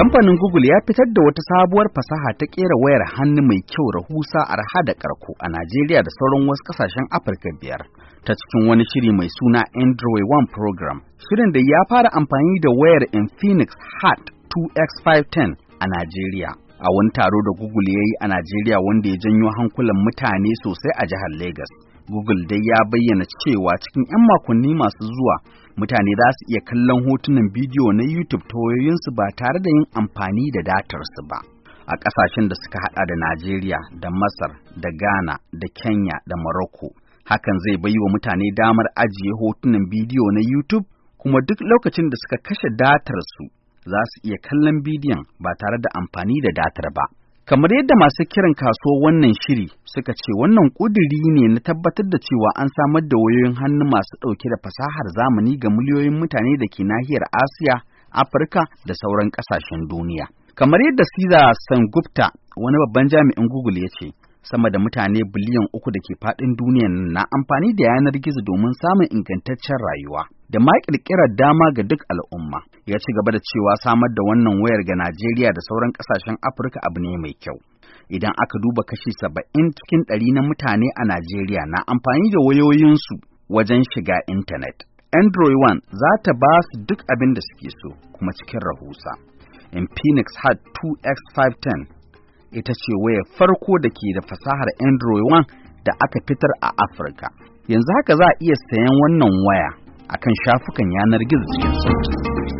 Kamfanin Google ya fitar da wata sabuwar fasaha ta ƙera wayar hannu mai kyau rahusa arha da karko a Najeriya da sauran wasu kasashen Afirka biyar ta cikin wani shiri mai suna Android One Program. Shirin da ya fara amfani da wayar Infinix Heart 2X510 a Najeriya. a wani taro da Google ya yi a Najeriya wanda ya janyo hankulan mutane sosai a jihar Legas. Google dai ya bayyana cewa cikin 'yan makonni masu zuwa mutane za su iya kallon hotunan bidiyo na YouTube ta wayoyinsu ba tare da yin amfani da datarsu ba. A ƙasashen da suka hada da Najeriya, da Masar, da Ghana, da Kenya, da Morocco. Hakan zai bai wa mutane damar ajiye hotunan bidiyo na YouTube kuma duk lokacin da suka kashe datarsu za su iya kallon bidiyon ba tare da amfani da datar ba. Kamar yadda masu kiran kasuwa wannan shiri suka ce wannan ƙudiri ne na tabbatar da cewa an samar da wayoyin hannu masu ɗauke da fasahar zamani ga miliyoyin mutane da ke nahiyar Asiya, Afirka da sauran ƙasashen duniya. Kamar yadda Siza Sangupta wani babban jami'in Google ya ce, sama da mutane biliyan uku da ke faɗin duniyan na amfani da yanar gizo domin samun ingantaccen rayuwa da ma ƙirƙirar dama ga duk al'umma ya ci gaba da cewa samar da wannan wayar ga Najeriya da sauran ƙasashen Afirka abu ne mai kyau idan aka duba kashi saba'in cikin ɗari na mutane a Najeriya na amfani da wayoyinsu wajen shiga intanet Android One za ta ba su duk abin da suke so kuma cikin rahusa Infinix Hard 2X510 ita ce wayar farko da ke da fasahar Android One da aka fitar a Afirka. Yanzu haka za a iya sayan wannan waya akan shafukan yanar gizo cikin sauki.